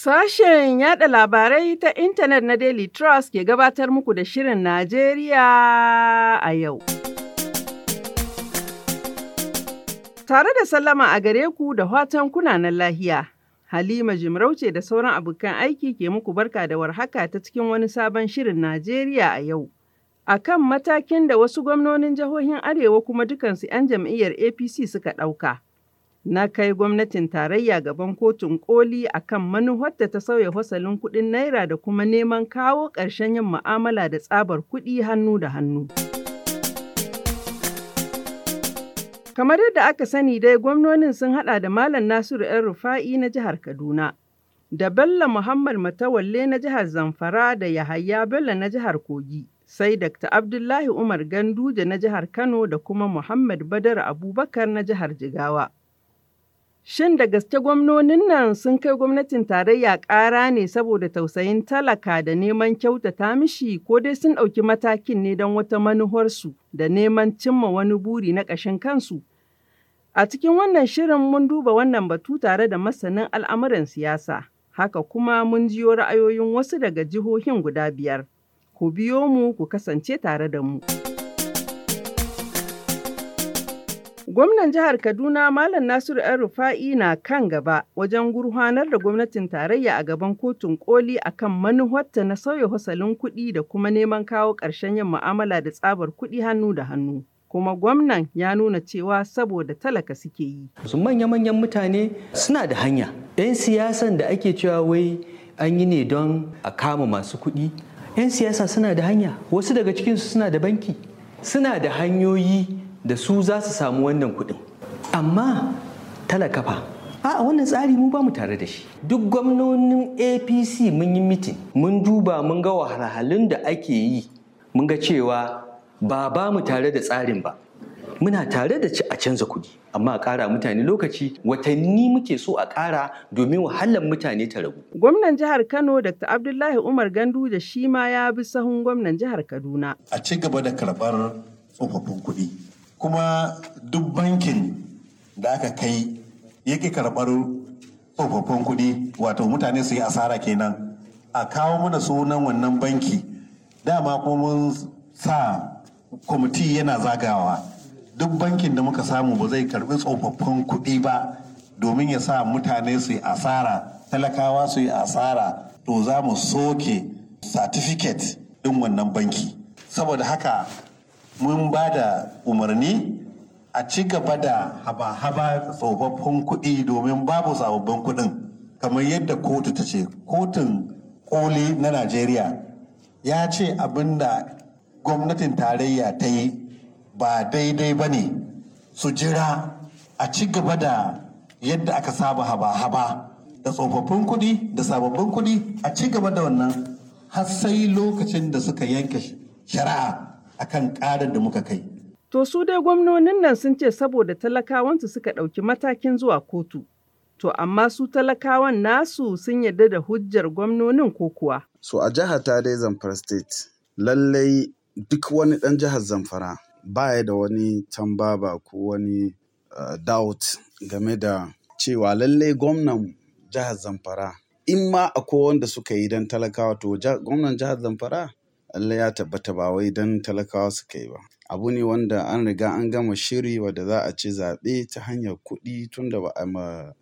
Sashen yada labarai ta intanet na Daily Trust ke gabatar muku da Shirin Najeriya a yau. Tare da sallama a gare ku da watan kunanan lahiya, Halima Jimarauce da sauran abokan aiki ke muku barka da warhaka ta cikin wani sabon Shirin Najeriya a yau. A kan matakin da wasu gwamnonin jihohin Arewa kuma dukansu 'yan jam'iyyar APC suka ɗauka. na kai gwamnatin tarayya gaban kotun koli akan manufarta ta sauya fasalin kuɗin naira da kuma neman kawo ƙarshen yin mu'amala da tsabar kuɗi hannu da hannu. Kamar yadda aka sani dai gwamnonin sun haɗa da Malam Nasiru ‘yan Rufa'i na jihar Kaduna, da Bello Muhammad Matawalle na jihar Zamfara da Yahaya Bello na jihar Kogi. sai Dr. Abdullahi Umar Ganduje na jihar Kano da kuma Muhammad Badar Abubakar na jihar Jigawa. Shin da gaske gwamnonin nan sun kai gwamnatin tarayya ƙara ne saboda tausayin talaka da neman kyautata mishi ko dai sun ɗauki matakin ne don wata manuharsu da neman cimma wani buri na ƙashin kansu? A cikin wannan shirin mun duba wannan batu tare da masanin al'amuran siyasa, haka kuma mun jiyo ra'ayoyin wasu daga jihohin guda biyar. Ku biyo mu ku kasance tare da mu. Gwamnan jihar Kaduna Malam Nasiru ‘yan Rufa'i na kan gaba wajen gurhanar da gwamnatin tarayya a gaban kotun koli akan manuwarta na sauya wasalin kuɗi da kuma neman kawo ƙarshen yin mu'amala da tsabar kuɗi hannu da hannu. kuma gwamnan ya nuna cewa saboda talaka suke yi. su manya-manyan mutane suna da hanya 'yan siyasan da ake cewa wai an yi ne don a kama masu kuɗi 'yan siyasa suna da hanya wasu daga cikinsu suna da banki suna da hanyoyi da su za su samu wannan kuɗin amma talaka fa a wannan tsari mu ba mu tare da shi duk gwamnonin apc mun yi mitin mun duba mun ga wahalhalun da ake yi mun ga cewa ba ba mu tare da tsarin ba muna tare da ci a canza kuɗi amma a ƙara mutane lokaci watanni muke so a ƙara domin wahalar mutane ta ragu. Gwamnan jihar Kano Dr. Abdullahi Umar Gandu da shi ma ya bi sahun gwamnan jihar Kaduna. A ci gaba da karɓar tsofaffin kuɗi kuma duk bankin da aka kai yake karɓar tsofaffin kuɗi wato mutane su yi asara kenan a kawo mana sunan wannan banki dama kuma mun sa kwamiti yana zagawa duk bankin da muka samu ba zai karɓi tsofaffin kuɗi ba domin ya sa mutane su yi asara talakawa su yi asara to za mu soke satifiket ɗin wannan banki saboda haka mun ba da umarni a ci gaba da haba-haba tsofaffin kuɗi domin babu sababbin kuɗin kamar yadda kotu ta ce kotun koli na najeriya ya ce abin da gwamnatin tarayya ta yi ba daidai ba ne su jira a ci gaba da yadda aka saba haba-haba da tsofaffin kuɗi da sababbin kuɗi a ci gaba da wannan har sai lokacin da suka yanke shari'a akan karar da muka kai. To su dai gwamnonin nan sun ce saboda talakawansu suka ɗauki matakin zuwa kotu. To amma su talakawan nasu sun yarda da hujjar gwamnonin ko kuwa. So a jiha ta dai Zamfara State lallai duk wani ɗan jihar Zamfara baya da wani tambaba ko wani uh, doubt game da cewa lallai gwamnan jihar Zamfara in ma akwai wanda suka yi don talakawa to gwamnan jihar Zamfara Allah ya tabbata ba wai don talakawa suka yi ba. Abu ne wanda an riga an gama shiri wadda za a ci zaɓe ta hanyar kuɗi tun da ba a ma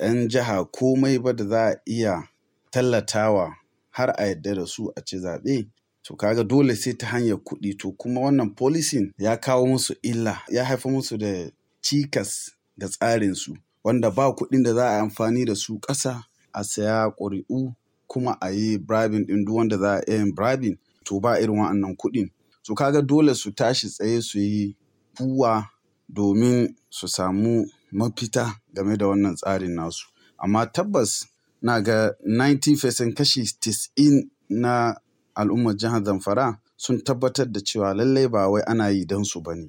'yan jiha komai ba da za a iya tallatawa har a yadda da su a ci zaɓe. To kaga dole sai ta hanyar kuɗi to kuma wannan policing ya kawo musu illa ya haifa musu da cikas ga tsarin su wanda ba kuɗin da za a amfani da su ƙasa a saya ƙuri'u kuma a yi bribing ɗin duk wanda za a iya yin bribing to ba irin wa'annan kuɗin. So kaga dole su tashi tsaye su yi buwa domin su samu mafita game da wannan tsarin nasu. Amma tabbas na ga 90% kashi 90 na al'ummar jihar Zamfara sun tabbatar da cewa lallai ba wai ana yi don su ba ne.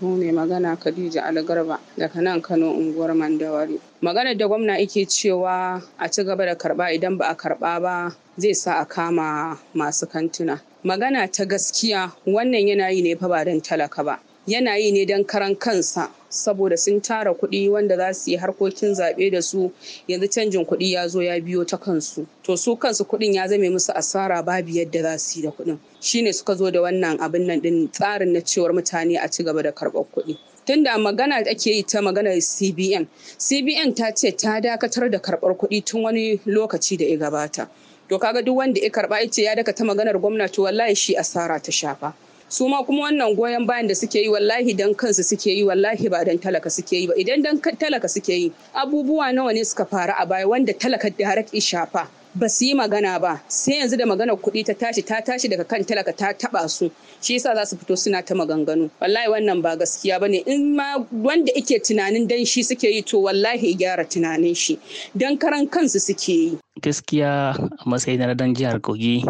Mu ne magana Khadija Algarba daga nan Kano unguwar Mandawari. Maganar da gwamna ike cewa a ci gaba da karba idan ba a karba ba zai sa a kama masu kantuna. magana ta gaskiya wannan yana yi ne fa ba don talaka ba yana yi ne don karan kansa saboda sun tara kuɗi wanda za su yi harkokin zaɓe da su yanzu canjin kuɗi ya zo ya biyo ta kansu to su kansu kuɗin ya zame musu asara babu yadda za su yi da kuɗin shine suka zo da wannan abin nan ɗin tsarin na cewar mutane a ci gaba da karɓar kuɗi tunda magana ake yi ta maganar cbn cbn ta ce ta dakatar da karɓar kuɗi tun wani lokaci da ya gabata to kaga duk wanda ya karba ya ce ya daka ta maganar gwamna to wallahi shi asara ta shafa su ma kuma wannan goyon bayan da suke yi wallahi dan kansu suke yi wallahi ba dan talaka suke yi ba idan dan talaka suke yi abubuwa nawa ne suka faru a baya wanda talaka da haraki shafa ba su yi magana ba sai yanzu da maganar kuɗi ta tashi ta tashi daga kan talaka ta taba su shi yasa za su fito suna ta maganganu wallahi wannan ba gaskiya bane in ma wanda ike tunanin dan shi suke yi to wallahi gyara tunanin shi dan karan kansu suke yi gaskiya a matsayin na dan jihar Kogi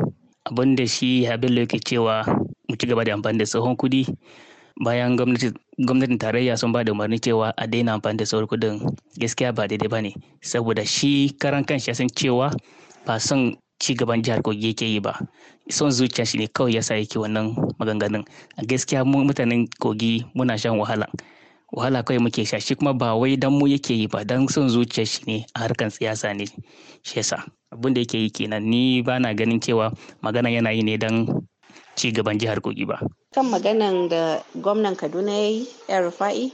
abin da shi Habilu yake cewa mu ci gaba da amfani da tsohon kuɗi bayan gwamnati gwamnatin tarayya sun ba da umarni cewa a daina amfani da tsohon kuɗin gaskiya ba daidai ba ne saboda shi karan kanshi ya san cewa ba son ci gaban jihar kogi yake yi ba son zuciya shi ne kawai sa yake wannan maganganun a gaskiya mu mutanen kogi muna shan wahala wahala kawai muke sha shi kuma ba wai dan mu yake yi ba dan son zuciya shi ne a harkar siyasa ne shi yasa abin da yake yi kenan ni ba na ganin cewa magana yana yi ne dan ci gaban jihar kogi ba kan maganan da gwamnan kaduna ya yi rufa'i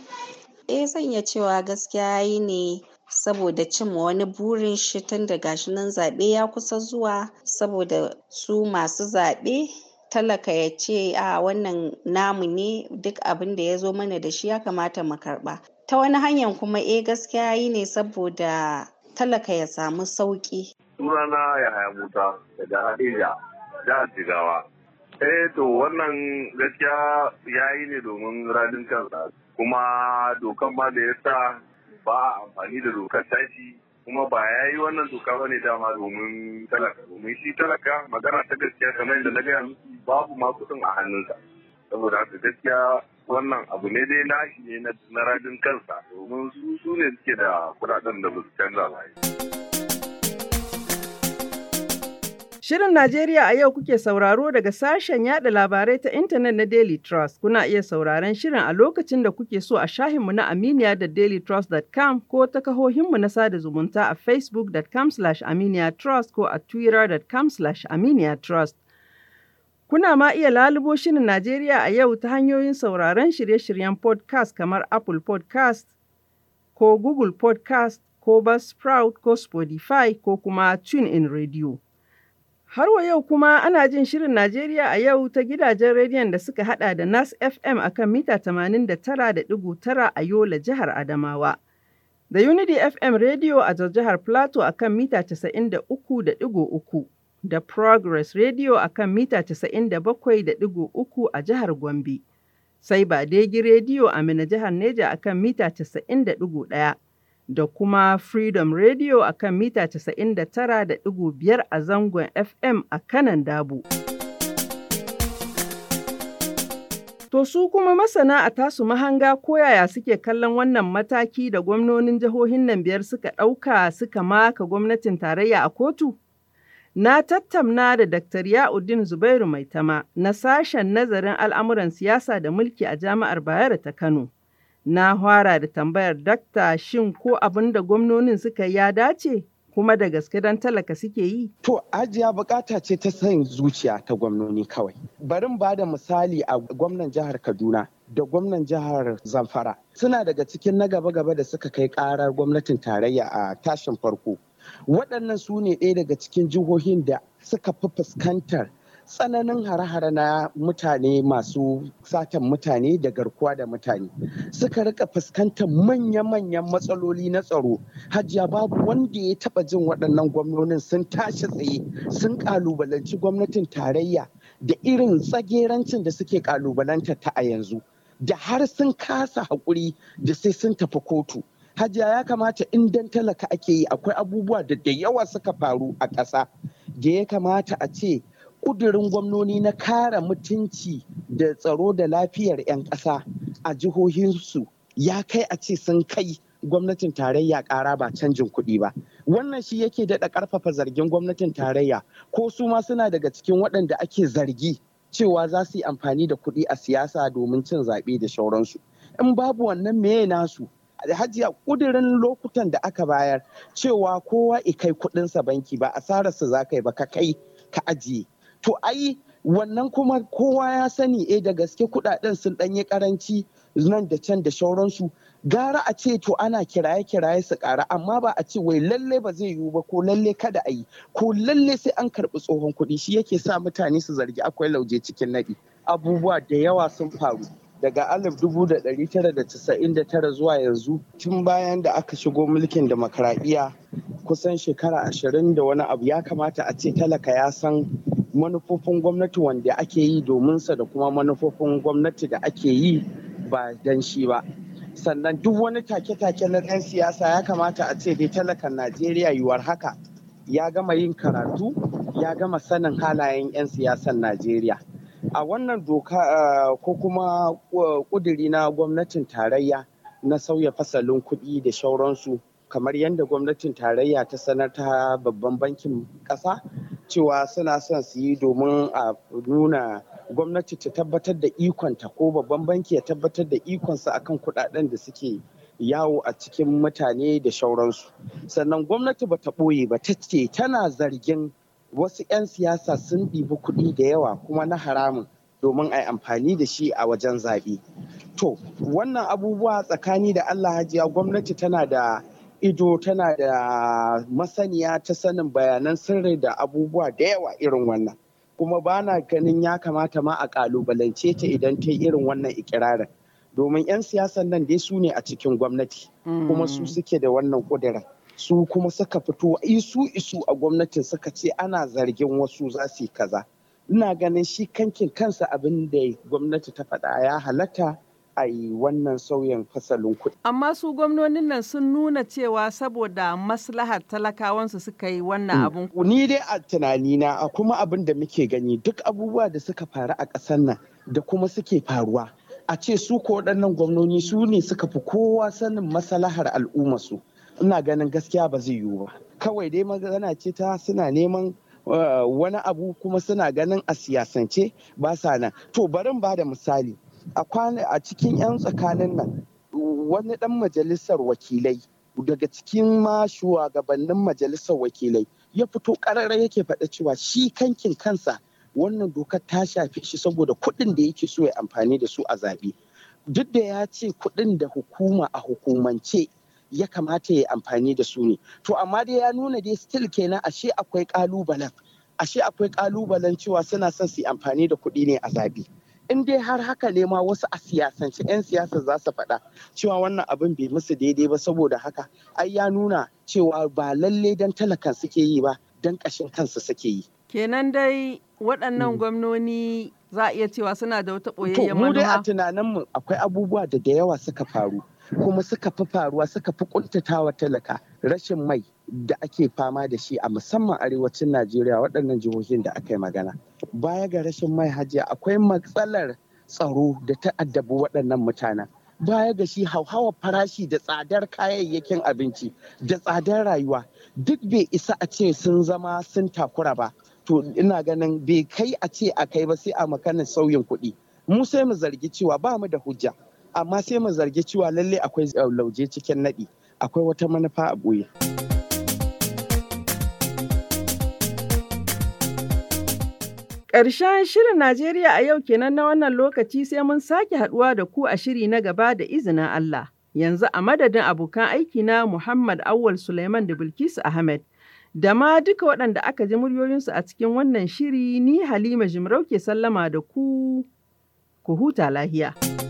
eh sanya cewa gaskiya yi ne saboda cimma wani burin shi tun gashi nan zaɓe ya kusa zuwa saboda su masu zaɓe talaka ya ce a wannan namu ne duk abin da ya zo mana da shi ya kamata mu karɓa ta wani hanyar kuma eh gaskiya yi ne saboda talaka ya samu sauƙi. sunana ya haya muta daga hadija da jigawa eh to wannan gaskiya ya yi ne domin radin kansa kuma dokan ma da ya sa ba a amfani da dokar tashi kuma ba ya yi wannan doka ba ne dama domin talaka domin shi talaka magana ta gaskiya kamar yadda na gaya musu babu ma kuɗin a hannunsa saboda haka gaskiya wannan abu ne dai nashi ne na rajin kansa domin su su ne suke da kuɗaɗen da ba su canza ba. Shirin Najeriya a yau kuke sauraro daga sashen yada labarai ta intanet na Daily Trust. Kuna iya sauraron shirin a lokacin da kuke so a shahinmu na Aminiya da dailytrust.com ko ta kahohinmu na sada zumunta a facebookcom aminiyatrust ko a twittercom aminiyatrust. Kuna ma iya lalubo shirin Najeriya a yau ta hanyoyin sauraron shirye-shiryen podcast kamar Apple podcast ko Google podcast ko Buzzsprout ko Spotify ko kuma tune in Radio. Har wa yau kuma ana jin Shirin Najeriya a yau ta gidajen rediyon da suka hada da Nas FM a kan mita 89.9 a Yola jihar Adamawa. Da Unity FM Radio a jihar Plateau a kan mita 93.3 da Progress Radio a kan mita 97.3 a jihar Gombe. Sai ba Badegi Radio a Mina jihar Neja a kan mita 91. da kuma Freedom Radio a kan mita 99.5 a zangon FM a kanan dabu To su kuma masana a tasu mahanga ko yaya suke kallon wannan mataki da gwamnonin jihohin nan biyar suka ɗauka suka maka gwamnatin tarayya a kotu? Na tattamna da Dr. Ya'uddin Zubairu Maitama na sashen nazarin al'amuran siyasa da mulki a Jami'ar Bayero ta Kano. Na fara da tambayar dakta shin ko abin da gwamnonin suka yi ya dace? kuma da gaske don talaka suke yi? To, ajiya bukata ce ta san zuciya ta gwamnoni kawai. Barin ba da misali a gwamnan jihar Kaduna da gwamnan jihar Zamfara. Suna daga cikin na gaba-gaba da suka kai karar gwamnatin tarayya a tashin farko. Waɗannan su ne ɗaya daga cikin jihohin da suka fi fuskantar tsananin hare-hare na mutane masu satan mutane da garkuwa da mutane suka rika fuskantar manya-manyan matsaloli na tsaro hajiya babu wanda ya taba jin waɗannan gwamnonin sun tashi tsaye sun kalubalanci gwamnatin tarayya da irin tsagerancin da suke kalubalanta ta a yanzu da har sun kasa haƙuri da sai sun tafi kotu hajiya ya kamata in talaka ake yi akwai abubuwa da da yawa suka faru a ƙasa da ya kamata a ce Kudurin gwamnoni na kare mutunci da tsaro da lafiyar 'yan ƙasa a jihohinsu ya kai a ce sun kai gwamnatin tarayya ƙara ba canjin kuɗi ba wannan shi yake daɗa ƙarfafa zargin gwamnatin tarayya ko su ma suna daga cikin waɗanda ake zargi cewa za su yi amfani da kuɗi a siyasa domin cin zaɓe da shauransu in babu wannan meye nasu hajiya kudirin lokutan da aka bayar cewa kowa ikai kuɗinsa banki ba asararsa za ka yi ba ka kai ka ajiye to ai wannan kuma kowa ya sani eh da gaske kudaden sun ɗanyi karanci nan da can da shauransu gara a ce to ana kiraye-kiraye su kara amma ba a ce wai lalle ba zai yiwu ba ko lalle kada a yi ko lalle sai an karbi tsohon kuɗi shi yake sa mutane su zargi akwai lauje cikin nadi. abubuwa da yawa sun faru daga 1999 zuwa yanzu tun bayan da aka shigo mulkin demokaradiyya kusan shekara ashirin da wani abu ya kamata a ce talaka ya san manufofin gwamnati wanda ake yi sa da kuma manufofin gwamnati da ake yi ba don shi ba sannan duk wani take-take na ɗan siyasa ya kamata a ce dai talakan najeriya yiwuwar haka ya gama yin karatu ya gama sanin halayen 'yan siyasan najeriya a wannan doka eh, ko kuma kuduri eh, na gwamnatin tarayya na sauya fasalin kuɗi da shauransu kamar yadda gwamnatin tarayya ta sanar ta babban bankin ƙasa cewa suna son su yi domin a nuna gwamnati ta tabbatar da ikonta ko babban banki ya tabbatar da ikonsa akan kudaden da suke yawo a cikin mutane da shauransu sannan gwamnati ba ta ɓoye ba ta ce tana zargin wasu 'yan siyasa sun ɗibi kuɗi da yawa kuma na haramun domin a yi amfani da shi a wajen zaɓe to wannan abubuwa tsakani da allah hajiya gwamnati tana da ido tana da masaniya ta sanin bayanan sirri da abubuwa da yawa irin wannan kuma ba na ganin ya kamata ma a kalubalance ta idan ta irin wannan ikirarin domin 'yan siyasan nan dai su ne a cikin gwamnati kuma su mm. suke da wannan kudirin su kuma suka fito isu isu a gwamnatin suka ce ana zargin wasu za su yi kaza ina ganin shi kankin kansa abin da gwamnati ta faɗa ya halatta a yi wannan sauyin fasalin kuɗi. Amma su gwamnonin nan sun nuna cewa saboda maslahar talakawansu suka yi wannan mm. abun. Ni dai a tunanina a kuma abin da muke gani duk abubuwa da suka faru a ƙasar nan da kuma suke faruwa. A ce su ko waɗannan gwamnoni su ne suka fi kowa sanin maslahar al'ummarsu. Ina ganin gaskiya ba zai yiwu ba. Kawai dai magana ce ta suna neman eh, wani abu kuma suna ganin a siyasance ba sa nan. To barin ba da misali. a cikin 'yan tsakanin nan wani dan majalisar wakilai daga cikin ma shugabannin majalisar wakilai ya fito karara yake faɗa cewa shi kankin kansa wannan dokar ta shafe shi saboda kuɗin da yake so ya amfani da su a zaɓe duk da ya ce kuɗin da hukuma a hukumance ya kamata ya amfani da su ne to amma dai ya nuna dai still kenan ashe akwai ƙalubalen ashe akwai ƙalubalen cewa suna son su amfani da kuɗi ne a zaɓe. in dai har haka ne ma wasu a siyasance 'yan siyasa za su faɗa cewa wannan abin bai musu daidai ba saboda haka ai ya nuna cewa ba lalle don talakan suke yi ba don ƙashin kansu suke yi kenan dai waɗannan hmm. gwamnoni za a iya cewa suna da wata ɓoyayyen manufa mu dai a tunaninmu akwai abubuwa da da yawa suka faru kuma suka fi faruwa suka fi kuntatawa talaka rashin mai da ake fama da shi a musamman arewacin Najeriya waɗannan jihohin da aka yi magana. Baya ga rashin mai hajjiya akwai matsalar tsaro da ta addabi waɗannan mutanen. Baya ga shi hauhawar farashi da tsadar kayayyakin abinci da tsadar rayuwa duk bai isa a ce sun zama sun takura ba. To ina ganin bai kai a ce a kai ba sai a makanin sauyin kuɗi. Mu sai mu zargi cewa ba mu da hujja. Amma sai mu zargi cewa lallai akwai eh, lauje cikin naɗi. Akwai wata manufa a ɓoye. Ƙarshen shirin Najeriya a yau kenan na wannan lokaci sai mun sake haɗuwa da ku a shiri na gaba da izinin Allah. Yanzu a madadin abokan aiki na Muhammad Awwal Suleiman da Bilkisu Ahmed. Da ma duka waɗanda aka ji muryoyinsu a cikin wannan shiri ni Halima Jimarau ke sallama da ku, ku huta lahiya.